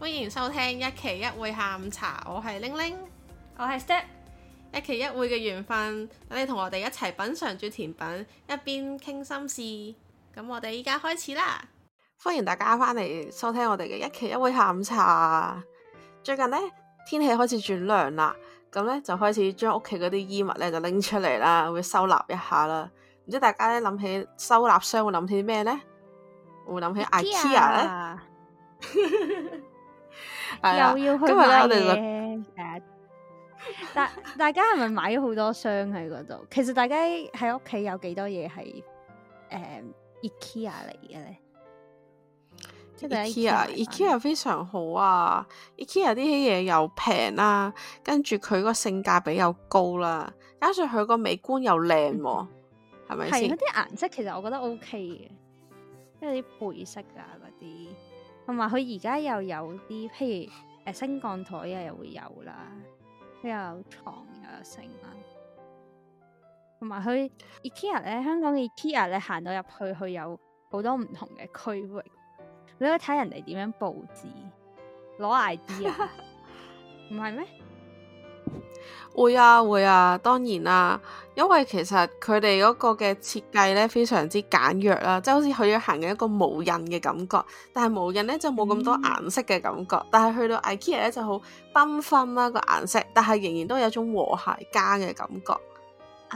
歡迎收聽一期一會下午茶，我係玲玲，我係 Step，一期一會嘅緣分，等你同我哋一齊品嘗住甜品，一邊傾心事。咁我哋依家開始啦，歡迎大家返嚟收聽我哋嘅一期一會下午茶。最近呢，天氣開始轉涼啦。咁咧就開始將屋企嗰啲衣物咧就拎出嚟啦，會收納一下啦。唔知大家咧諗起收納箱會諗起啲咩咧？會諗起 IKEA 咧？又要去啦！今日我哋就大大家係咪買咗好多箱喺嗰度？ 其實大家喺屋企有幾多嘢係誒 IKEA 嚟嘅咧？嗯即 IKEA，IKEA 非常好啊！IKEA 啲嘢又平啦、啊，跟住佢個性價比又高啦、啊，加上佢個美觀又靚、啊，係咪先？係嗰啲顏色，其實我覺得 O K 嘅，即為啲配色啊，嗰啲同埋佢而家又有啲，譬如誒、呃、升降台啊，又會有啦，又有床又有成啦，同埋佢 IKEA 咧，香港嘅 IKEA 咧，行到入去，佢有好多唔同嘅區域。你去睇人哋點樣布置，攞 idea？唔係咩？ 會啊會啊，當然啦、啊，因為其實佢哋嗰個嘅設計咧非常之簡約啦、啊，即、就、係、是、好似佢要行緊一個無印嘅感覺，但係無印咧就冇咁多顏色嘅感覺，嗯、但係去到 IKEA 咧就好繽紛啦個顏色，但係仍然都有一種和諧家嘅感覺。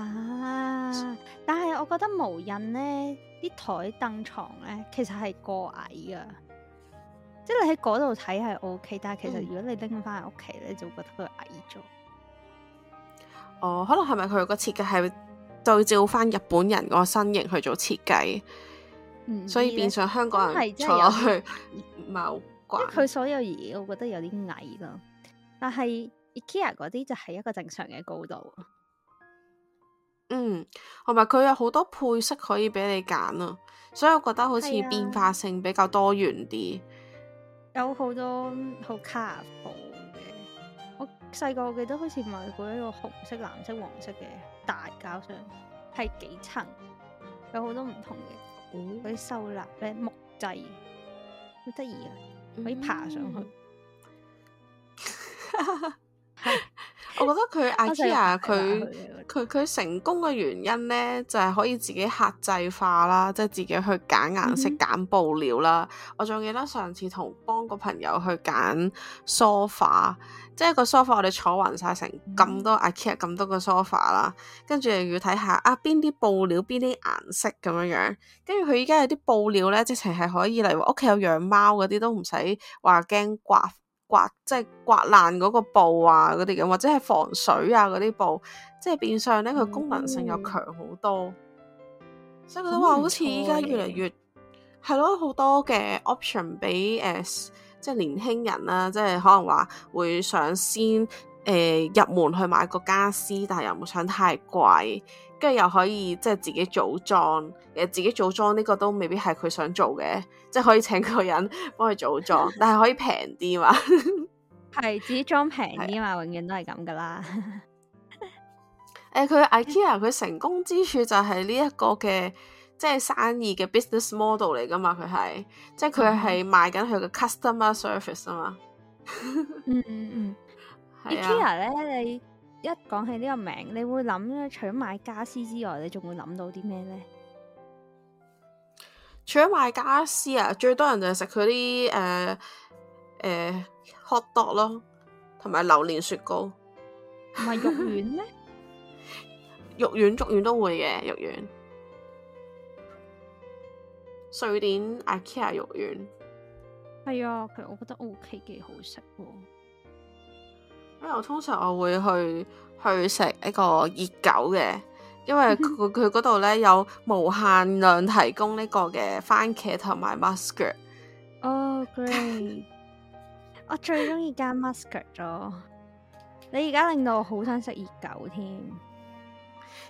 啊！但係我覺得無印咧啲台凳床咧，其實係過矮噶，即係你喺嗰度睇係 OK，但係其實如果你拎翻嚟屋企咧，就會覺得佢矮咗、嗯。哦，可能係咪佢個設計係對照翻日本人嗰個身形去做設計？嗯，所以變相香港人坐落去唔係好慣。佢、嗯、慣所有嘢，我覺得有啲矮咯。但係 IKEA 嗰啲就係一個正常嘅高度。嗯，同埋佢有好多配色可以俾你揀啊。所以我覺得好似變化性比較多元啲，啊，有好多好 cute 嘅。我細個我記得好似買過一個紅色、藍色、黃色嘅大膠箱，係幾層，有好多唔同嘅嗰啲收納咧，木製好得意啊，可以爬上去。嗯 我覺得佢 IKEA 佢佢佢成功嘅原因咧，就係、是、可以自己客製化啦，即、就、係、是、自己去揀顏色、揀布料啦。嗯、哼我仲記得上次同幫個朋友去揀 sofa，即係個 sofa 我哋坐勻晒成咁多 IKEA 咁、嗯、哼多個 sofa 啦，跟住又要睇下啊邊啲布料、邊啲顏色咁樣樣。跟住佢依家有啲布料咧，直情係可以嚟話屋企有養貓嗰啲都唔使話驚刮。刮，即係刮爛嗰個布啊，嗰啲嘅，或者係防水啊嗰啲布，即係變相咧，佢功能性又強好多，嗯、所以覺得話好似依家越嚟越係咯，好、嗯、多嘅 option 俾誒、呃，即係年輕人啦、啊，即係可能話會想先誒、呃、入門去買個家私，但係又唔想太貴。跟住又可以即係自己組裝，誒自己組裝呢個都未必係佢想做嘅，即係可以請個人幫佢組裝， 但係可以平啲嘛？係， 自己裝平啲嘛，永遠都係咁噶啦。誒、 欸，佢 IKEA 佢成功之處就係呢一個嘅即係生意嘅 business model 嚟噶嘛，佢係即係佢係賣緊佢嘅 customer service 啊嘛。 嗯嗯嗯，IKEA 咧你。一講起呢個名，你會諗咧？除咗賣家私之外，你仲會諗到啲咩咧？除咗賣家私啊，最多人就係食佢啲誒誒 hot dog 咯，同埋榴蓮雪糕，唔係肉丸咩？ 肉丸、肉丸都會嘅肉丸，瑞典 IKEA 肉丸，係啊，其實我覺得 OK，幾好食喎。因為我通常我會去去食一個熱狗嘅，因為佢嗰度咧有無限量提供呢個嘅番茄同埋 masker。哦，great！ 我最中意加 masker 咗。你而家令到我好想食熱狗添。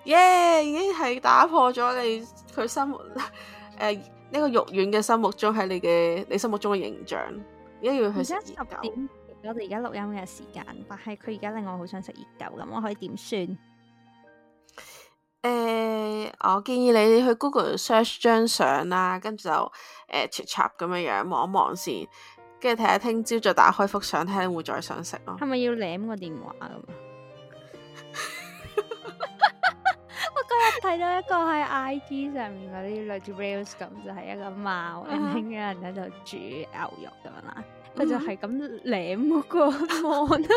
耶，yeah, 已經係打破咗你佢生活誒呢個肉丸嘅心目中喺你嘅你心目中嘅形象，而家要去食熱狗。我哋而家錄音嘅時間，但係佢而家令我好想食熱狗，咁我可以點算？誒、欸，我建議你去 Google search 張相啦，跟住就誒撮撮咁樣樣望一望先，跟住睇下聽朝再打開幅相睇，睇下會再想食咯。係咪要舐個電話咁啊？ 我今日睇到一個喺 IG 上面嗰啲類似 reels 咁， 就係一個貓，跟住、uh huh. 人喺度煮牛肉咁樣啦。佢就係咁舐嗰個芒啊，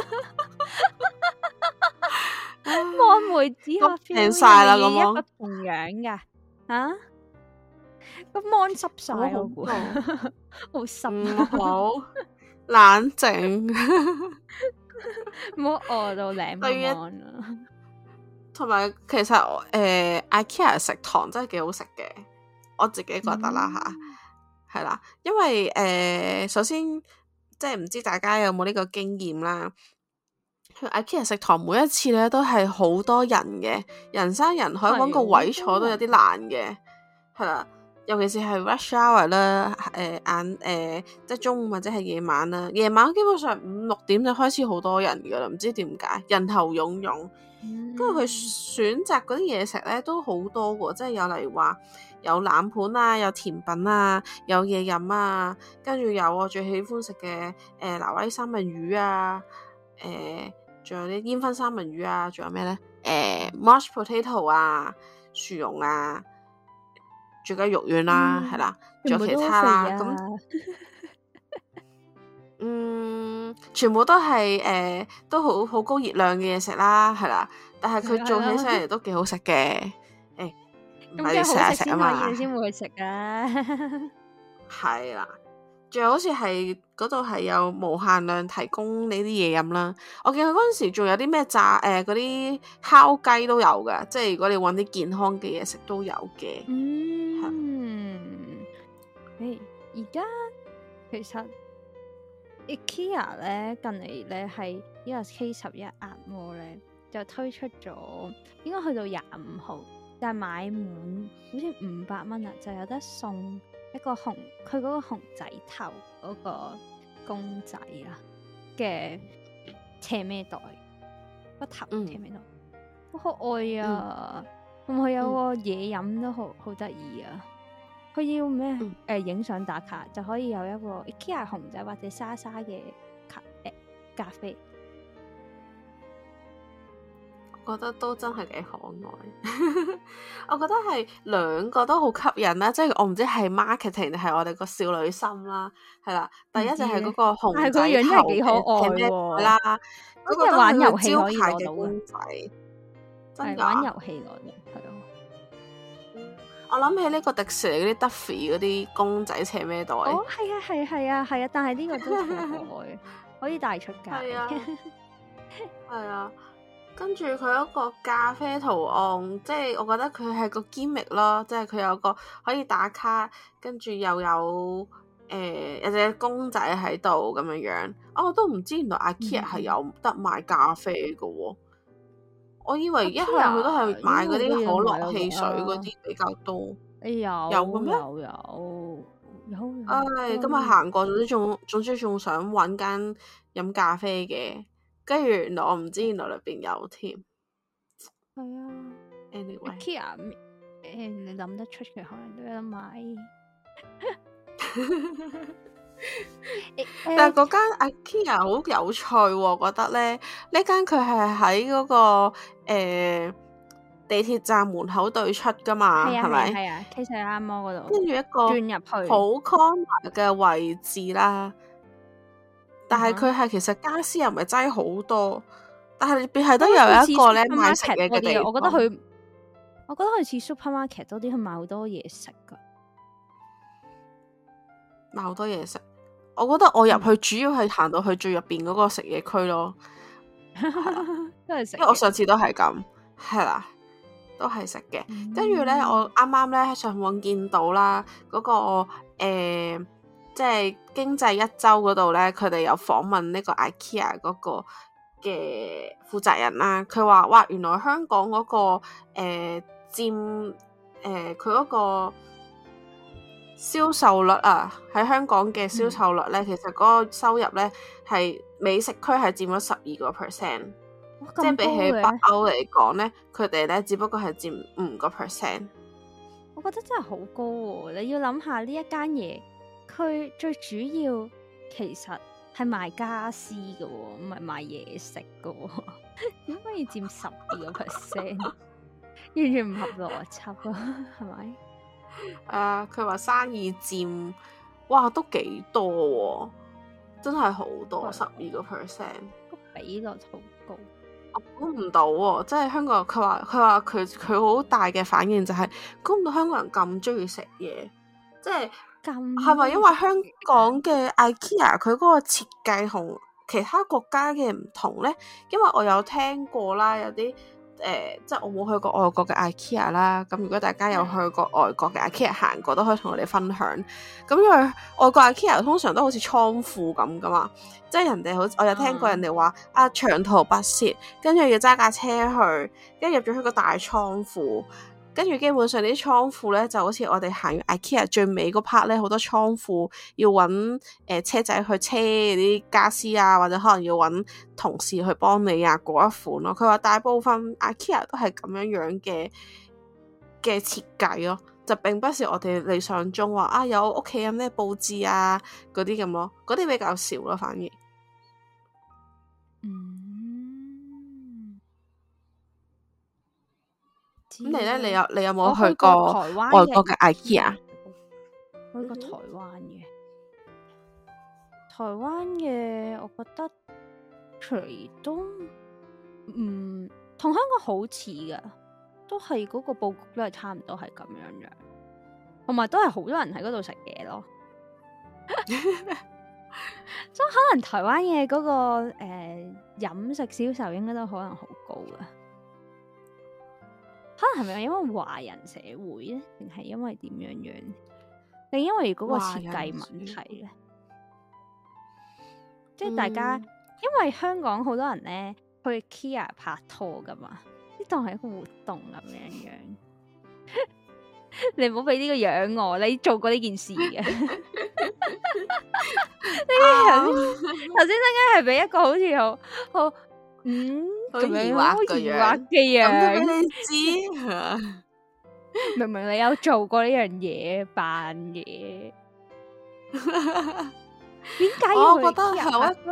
芒梅子啊，舐晒啦，咁樣，同樣嘅啊，個芒濕晒啊，好 濕， 唔好冷靜，唔好餓到舐芒啊。同埋其實誒、呃、，IKEA 食堂真係幾好食嘅，我自己覺得啦吓，係、啊嗯、啦，因為誒、呃，首先。即係唔知大家有冇呢個經驗啦，去 IKEA 食堂每一次咧都係好多人嘅，人山人海，揾個位坐都有啲難嘅，係啦的，的尤其是係 rush hour 啦，誒、呃、眼誒、呃、即係中午或者係夜晚啦，夜晚基本上五六點就開始好多人噶啦，唔知點解人頭湧湧，跟住佢選擇嗰啲嘢食咧都好多喎，即係有例如話。有冷盤啊，有甜品啊，有嘢飲啊，跟住有我最喜歡食嘅誒，挪威三文魚啊，誒、呃，仲有啲煙熏三文魚啊，仲有咩咧？誒、呃，mush potato 啊，薯蓉啊，仲有肉丸啦、啊，係啦、嗯，仲有其他咁，嗯，全部都係誒、呃，都好好高熱量嘅嘢食啦，係啦，但係佢做起上嚟都幾好食嘅。唔係、嗯、好食先嘢先會食噶，係 啦、啊，仲有好似係嗰度係有無限量提供你啲嘢飲啦。我見佢嗰陣時仲有啲咩炸誒嗰啲烤雞都有噶，即係如果你搵啲健康嘅嘢食都有嘅。嗯，誒是，而家其實 IKEA 咧近嚟咧係呢個 K 十一壓摩咧就推出咗，應該去到廿五號。但係買滿好似五百蚊啊，就有得送一個熊，佢嗰個熊仔頭嗰個公仔啊，嘅斜咩袋，個、嗯、頭斜咩袋，嗯、好可愛啊！同埋、嗯、有個嘢飲都好好得意啊！佢、嗯、要咩？誒、嗯呃，影相打卡就可以有一個 IKEA 熊仔或者莎莎嘅咖誒咖啡。覺得都真係幾可愛， 我覺得係兩個都好吸引啦，即係我唔知係 marketing 定係我哋個少女心啦，係啦，第一就係嗰個熊仔頭，幾可愛啦，因為玩遊戲可以攞到嘅，真係玩遊戲攞嘅，我諗起呢個迪士尼嗰啲 Duffy 嗰啲公仔斜咩袋，哦，係啊，係係啊，係啊，但係呢個真係好可愛， 可以帶出街，係啊。 跟住佢嗰個咖啡圖案，即係我覺得佢係個 gimmick 咯，即係佢有個可以打卡，跟住又有誒一隻公仔喺度咁樣樣。哦，都唔知原來 IKEA 係有得賣咖啡噶。哦，嗯、我以為一向佢都係買嗰啲可樂汽水嗰啲比較多。哎有、啊、有咩？有有。唉、哎，今日行過，總之總之仲想揾間飲咖啡嘅。跟住，我唔知原來裏邊有添。係啊，anyway，IKEA，你諗得出嘅可能都有得買。但係嗰間 IKEA 好有趣喎，覺得咧呢間佢係喺嗰個誒地鐵站門口對出噶嘛，係咪？係啊 Kiss 按摩嗰度，跟住一個轉入去好 common 嘅位置啦。但係佢係其實家私又唔係真係好多，但係入邊係都有一個咧賣食嘢嘅地方我。我覺得佢，我覺得佢似 supermarket 多啲去買好多嘢食噶，買好多嘢食。我覺得我入去主要係行到去最入邊嗰個食嘢區咯， 都係食。 因為我上次都係咁，係啦，都係食嘅。跟住咧，我啱啱咧上網見到啦，嗰、那個誒。欸即係《經濟一周》嗰度咧，佢哋有訪問呢個 IKEA 嗰個嘅負責人啦、啊。佢話，哇，原來香港嗰、嗰個誒佔誒佢嗰個銷售率啊，喺香港嘅銷售率咧，嗯、其實嗰個收入咧係美食區係佔咗十二個 percent，即係比起北歐嚟講咧，佢哋咧只不過係佔五個 percent。我覺得真係好高喎、哦！你要諗下呢一間嘢。佢最主要其實係賣家私嘅、哦，唔係賣嘢食嘅。點可以佔十二個 percent？完全唔合邏輯啊，係咪？誒、呃，佢話生意佔，哇，都幾多、哦、多，真係好多，十二個 percent，都比個好高。我估唔到、哦，即係香港人，佢話佢話佢佢好大嘅反應就係估唔到香港人咁中意食嘢，即係。係咪因為香港嘅 IKEA 佢嗰個設計同其他國家嘅唔同咧？因為我有聽過啦，有啲誒、呃，即係我冇去過外國嘅 IKEA 啦。咁如果大家有去過外國嘅 IKEA 行過，都可以同我哋分享。咁因為外國 IKEA 通常都好似倉庫咁噶嘛，即係人哋好，我有聽過人哋話啊長途跋涉，跟住要揸架車去，跟住入咗去個大倉庫。跟住基本上啲倉庫咧，就好似我哋行完 IKEA 最尾嗰 part 咧，好多倉庫要揾誒、呃、車仔去車啲傢俬啊，或者可能要揾同事去幫你啊嗰一款咯。佢話大部分 IKEA 都係咁樣樣嘅嘅設計咯、啊，就並不是我哋理想中話啊有屋企有咩佈置啊嗰啲咁咯，嗰啲比較少咯、啊，反而。咁你咧？你有你有冇去，去過外國嘅 IKEA？去過台灣嘅，嗯、哼台灣嘅我覺得其實都唔同、嗯、香港好似噶，都係嗰個佈局都咧，差唔多係咁樣樣，同埋都係好多人喺嗰度食嘢咯。即 可能台灣嘅嗰個誒飲、呃、食銷售應該都可能好高啊！可能係咪因為華人社會咧，定係因為點樣樣？定因為嗰個設計問題咧？即係大家，嗯、因為香港好多人咧去 IKEA 拍拖噶嘛，呢當係一個活動咁樣樣。 你唔好俾呢個樣我，你做過呢件事嘅？呢頭先陣間係俾一個好似好好。嗯，好疑惑嘅樣，咁都俾你知，明明你有做過呢樣嘢，扮嘢，點解？我覺得係一個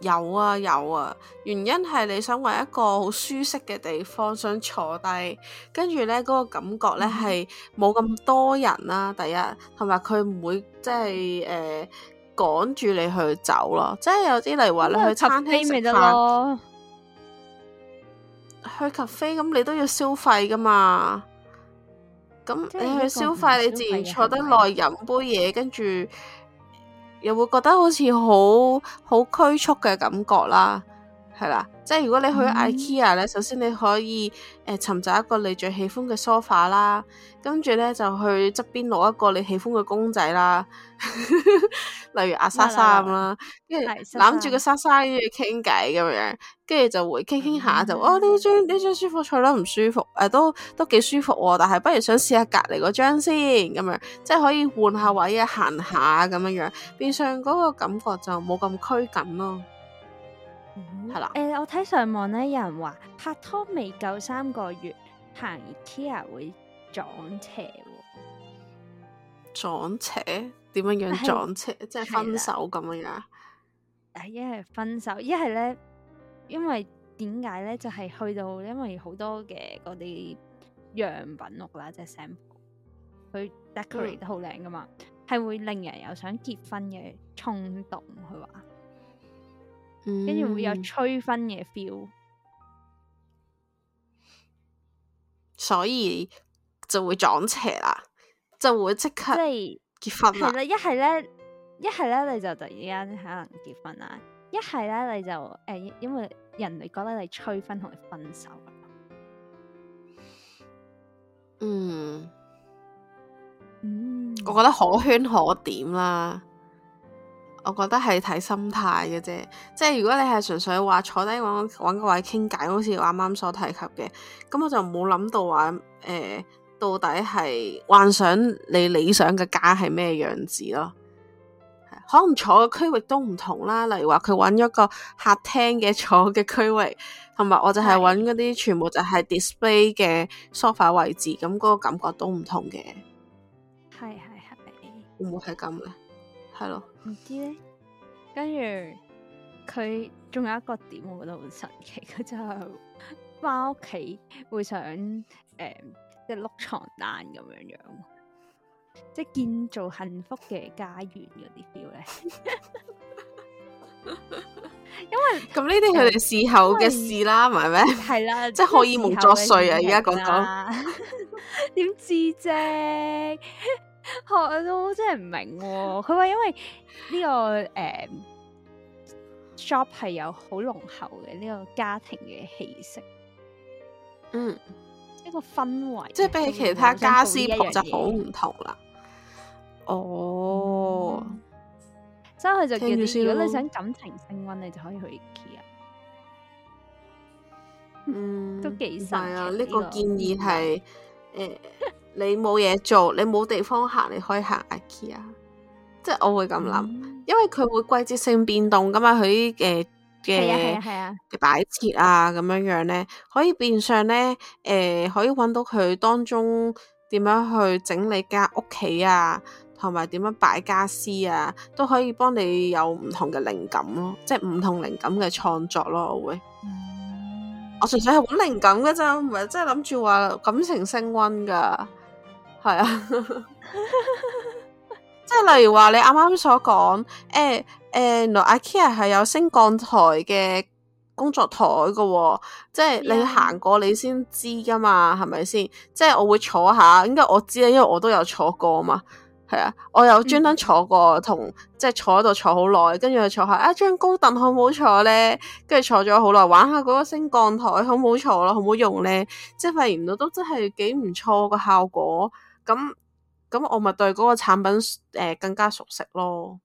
有啊有啊，原因係你想揾一個好舒適嘅地方，想坐低，跟住咧嗰個感覺咧係冇咁多人啦，第一同埋佢唔會即係誒？趕住你去走咯，即係有啲例如話你去餐廳食飯，啊、咳咳去 cafe 咁你都要消費噶嘛，咁是你去消費，消費你自然坐得耐，飲杯嘢，跟住又會覺得好似好好拘束嘅感覺啦。係啦，即係如果你去 IKEA 咧，嗯，首先你可以誒尋找一個你最喜歡嘅 sofa 啦，跟住咧，就去側邊攞一個你喜歡嘅公仔啦， 例如阿莎莎咁啦，跟住攬住個莎莎咁傾偈咁樣，跟住就會傾傾下，嗯、就問哦呢張呢張舒服，坐得唔舒服，誒，啊啊、都都幾舒服，哦，但係不如想試，試下隔籬嗰張先，咁樣樣即係可以換下位啊，行下咁樣樣樣樣樣，變相嗰個感覺就冇咁拘謹咯。係啦，誒、嗯吧欸，我睇上網咧，有人話拍拖未夠三個月行 IKEA 會撞邪，撞邪點樣樣撞邪，即係分手咁樣。誒、嗯，一係分手，一係咧，因為點解咧？就係、是、去到，因為好多嘅嗰啲樣品屋啦，即係 sample，佢 decorate 得好靚噶嘛，係、嗯、會令人有想結婚嘅衝動。佢話。跟住、嗯、會有催婚嘅 feel，所以就會撞邪啦，以就會即刻即係結婚啦。一係咧，一係咧，你就突然間可能結婚啦；一係咧，你就誒、呃，因為人哋覺得你催婚，同你分手。嗯嗯，嗯我覺得可圈可點啦。我覺得係睇心態嘅啫，即係如果你係純粹話坐低搵搵個位傾偈，好似我啱啱所提及嘅，咁我就冇諗到話誒、欸，到底係幻想你理想嘅家係咩樣子咯？可能坐嘅區域都唔同啦，例如話佢搵咗個客廳嘅坐嘅區域，同埋我就係搵嗰啲全部就係 display 嘅 sofa 位置，咁嗰個感覺都唔同嘅。係係係會唔會係咁咧？係咯。唔知咧，跟住佢仲有一個點，我覺得好神奇，佢就返屋企會想誒、呃，即係碌床單咁樣樣，即係建造幸福嘅家園嗰啲 feel 咧。 因為咁呢啲佢哋事後嘅事啦，唔係咩？係啦，為 即係荷爾蒙作祟啊！而家講講點自責。 哦、我都真係唔明、哦，佢話因為呢、這個誒 shop 係有好濃厚嘅呢、這個家庭嘅氣息，嗯，一個氛圍、嗯，即係比起其他家私鋪就好唔同啦。哦、oh, 嗯，即係佢就建議，如果你想感情升溫，你就可以去 IKEA 啊。嗯，嗯都幾實啊！呢、這個、個建議係誒。嗯呃 你冇嘢做，你冇地方行，你可以行 IKEA，即係我會咁諗，嗯、因為佢會季節性變動噶嘛，佢誒嘅擺設啊，咁、啊啊啊、樣樣咧，可以變相咧誒、呃，可以搵到佢當中點樣去整理間屋企啊，同埋點樣擺家私啊，都可以幫你有唔同嘅靈感咯，即係唔同靈感嘅創作咯，我會，嗯、我純粹係搵靈感噶咋，唔係即係諗住話感情升溫噶。係啊， 即係例如話你啱啱所講，誒、欸、誒、欸，原來 IKEA 係有升降台嘅工作台噶、哦，即係你行過你先知噶嘛，係咪、嗯、先？即係我會坐下，應該我知啦，因為我都有坐過啊嘛，係啊，我有專登坐過，同、嗯、即係坐喺度坐，坐、啊、好耐，跟住去坐下啊張高凳好唔好坐咧？跟住坐咗好耐，玩下嗰個升降台好唔好坐咯？好唔好用咧？即係發現到都真係幾唔錯個效果。咁咁我咪對嗰個產品誒、呃、更加熟悉咯。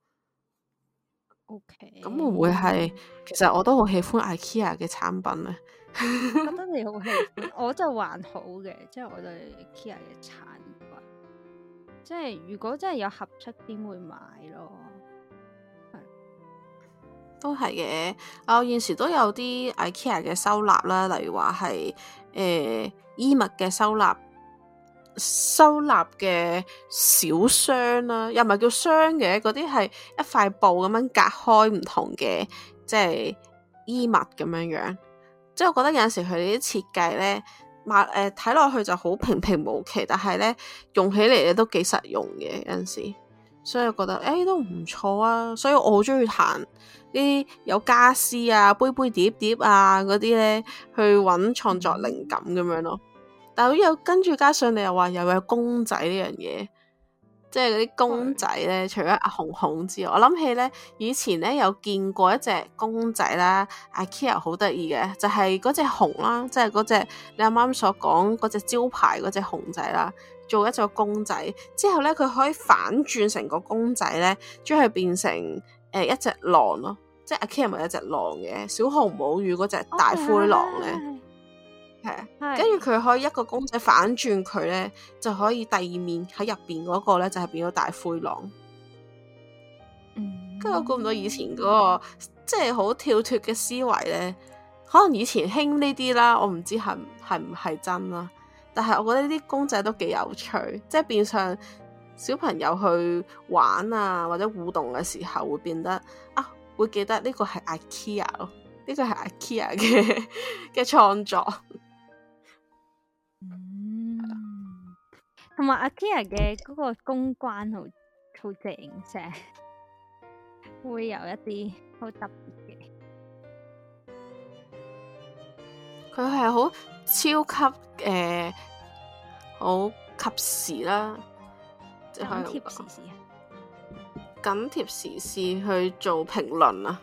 OK。咁會唔會係？其實我都好喜歡 IKEA 嘅產品咧。覺得你好喜歡？我就還好嘅，即、就、係、是、我對 IKEA 嘅產品。即係如果真係有合出，邊會買咯？都係嘅。我、哦、現時都有啲 IKEA 嘅收納啦，例如話係誒衣物嘅收納。收納嘅小箱啦，又唔係叫箱嘅，嗰啲係一塊布咁樣隔開唔同嘅，即係衣物咁樣樣。即係我覺得有陣時佢哋啲設計咧，買誒睇，落去就好平平無奇，但係咧用起嚟咧都幾實用嘅有陣時，所以我覺得誒、欸、都唔錯啊！所以我好中意行啲有家私啊、杯杯碟碟，碟啊嗰啲咧，去搵創作靈感咁樣咯。但係又跟住加上你又話又有公仔呢樣嘢，即係嗰啲公仔咧，對除咗阿熊熊之外，我諗起咧，以前咧有見過一隻公仔啦，阿 Kia 好得意嘅，就係嗰隻熊啦，即係嗰隻你啱啱所講嗰隻招牌嗰隻熊仔啦，做一隻公仔之後咧，佢可以反轉成個公仔咧，將佢變成誒、呃、一隻狼咯，即係阿 Kia 咪一隻狼嘅？小紅帽與嗰隻大灰狼咧？係，跟住佢可以一個公仔反轉佢咧，就可以第二面喺入邊嗰個咧就係變咗大灰狼。嗯，跟住我估唔到以前嗰個即係好跳脫嘅思維咧，可能以前興呢啲啦，我唔知係係唔係真啦。但係我覺得呢啲公仔都幾有趣，即係變相小朋友去玩啊或者互動嘅時候，會變得啊會記得呢個係 IKEA 咯，呢個係 IKEA 嘅嘅創作。同埋 IKEA 嘅嗰個公關好好正，即係會有一啲好特別嘅，佢係好超級誒，好及時啦，緊貼時事，緊貼時事去做評論啊！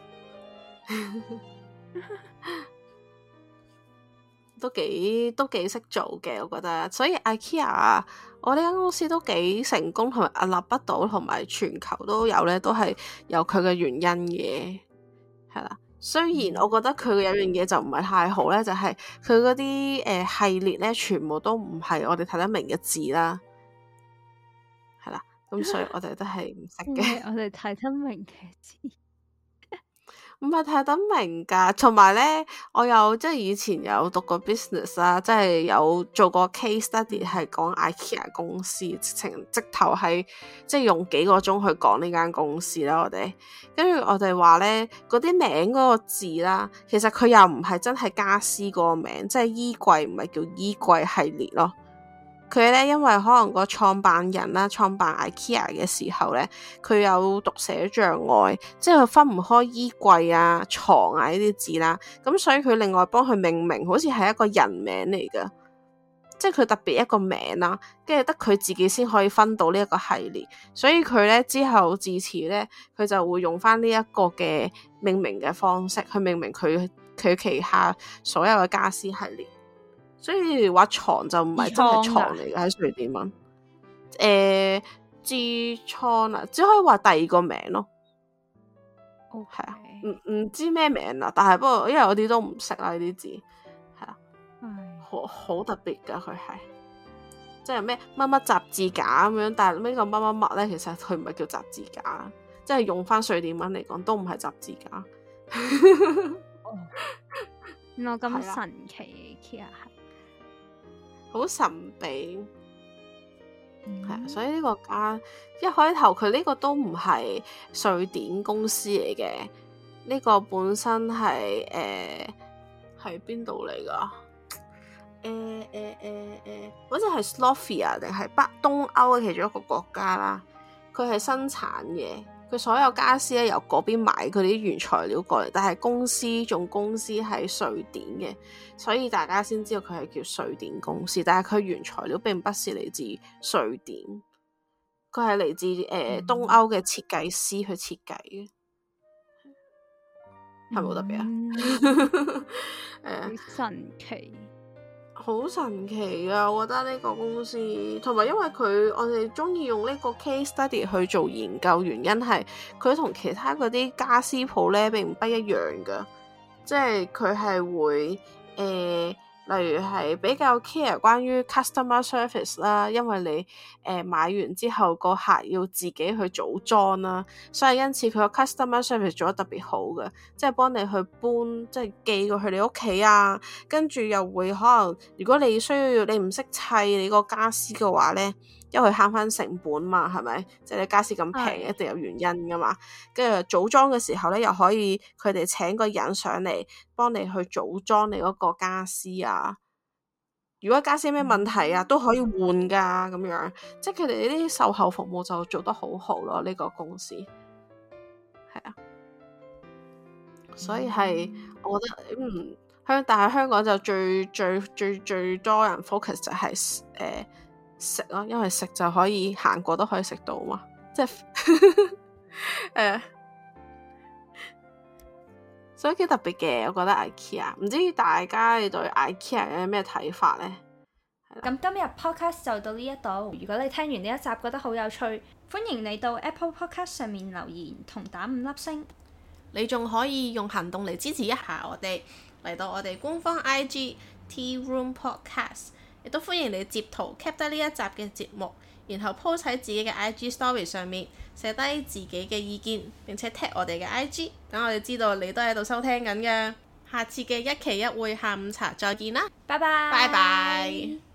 都幾都幾識做嘅，我覺得，所以 IKEA 我呢間公司都幾成功，同埋屹立不倒，同埋全球都有咧，都係有佢嘅原因嘅，係啦。雖然我覺得佢有樣嘢，就唔係太好咧，就係佢嗰啲誒系列咧，全部都唔係我哋睇得明嘅字啦，係啦，咁所以我哋都係唔識嘅，我哋睇得明嘅字。唔係太得明㗎，同埋咧，我有即係以前有讀過 business 啦，即係有做過 case study 係講 IKEA 公司，直情直頭係即係用幾個鐘去講呢間公司啦，我哋跟住我哋話咧，嗰啲名嗰個字啦，其實佢又唔係真係傢俬嗰個名，即係衣櫃唔係叫衣櫃系列咯。佢咧，因為可能個創辦人啦，創辦 IKEA 嘅時候咧，佢有讀寫障礙，即係佢分唔開衣櫃啊、床啊呢啲字啦，咁所以佢另外幫佢命名，好似係一個人名嚟㗎，即係佢特別一個名啦，跟住得佢自己先可以分到呢一個系列，所以佢咧之後至此咧，佢就會用返呢一個嘅命名嘅方式去命名佢佢旗下所有嘅家私系列。所以話床就唔係真係床嚟嘅，喺瑞典文，誒，自創啊，只可以話第二個名咯，係 Okay. 啊，唔、嗯、唔知咩名啦，但係不過因為我啲都唔識啦呢啲字，係啊，mm. 好好特別噶，佢係，即係咩乜乜雜誌架咁樣，但係呢個乜乜乜咧，其實佢唔係叫雜誌架，即、就、係、是、用返瑞典文嚟講都唔係雜誌架， mm. 嗯、我咁神奇， 啦其實係。好神秘，係、mm hmm. 啊！所以呢個家，一開頭佢呢個都唔係瑞典公司嚟嘅，呢、這個本身係誒係邊度嚟噶？誒誒誒誒，好似係斯洛伐尼亞定係北東歐嘅其中一個國家啦，佢係生產嘅。佢所有家私，咧由嗰邊買佢啲原材料過嚟，但係公司總公司喺瑞典嘅，所以大家先知道佢係叫瑞典公司，但係佢原材料並不是嚟自瑞典，佢係嚟自誒、呃嗯、東歐嘅設計師去設計嘅，係咪好、嗯、特別啊，誒、嗯， 神奇。好神奇啊！我覺得呢個公司，同埋因為佢我哋鍾意用呢個 case study 去做研究，原因係佢同其他嗰啲傢俬舖咧並唔一樣㗎，即係佢係會誒、呃例如係比較 care 關於 customer service 啦，因為你誒、呃、買完之後個客要自己去組裝啦，所以因此佢個 customer service 做得特別好嘅，即係幫你去搬，即係寄過去你屋企啊，跟住又會可能如果你需要你唔識砌你個家私嘅話咧。因為慳翻成本嘛，係咪？即、就、係、是、你家私咁平，一定有原因噶嘛。跟住、嗯、組裝嘅時候咧，又可以佢哋請個人上嚟幫你去組裝你嗰個家私啊。如果家私有咩問題啊，嗯、都可以換噶咁樣。即係佢哋呢啲售後服務就做得好好、啊、咯。呢、這個公司係啊，嗯、所以係我覺得嗯香，但係香港就最最最最，最多人 focus 就係、是、誒。呃食咯，因為食就可以行過都可以食到嘛，即係、 啊，所以幾特別嘅，我覺得 IKEA，唔知大家對 IKEA 有咩睇法呢？咁今日 podcast 就到呢一度，如果你聽完呢一集覺得好有趣，歡迎你到 Apple Podcast 上面留言同打五粒星，你仲可以用行動嚟支持一下我哋，嚟到我哋官方 IG Tea Room Podcast。都歡迎你截圖，Keep 得呢一集嘅節目，然後 po 喺自己嘅 IG story 上面，寫低自己嘅意見，並且 tag 我哋嘅 IG，等我哋知道你都喺度收聽緊嘅。下次嘅一期一會下午茶，再見啦，拜拜，拜拜。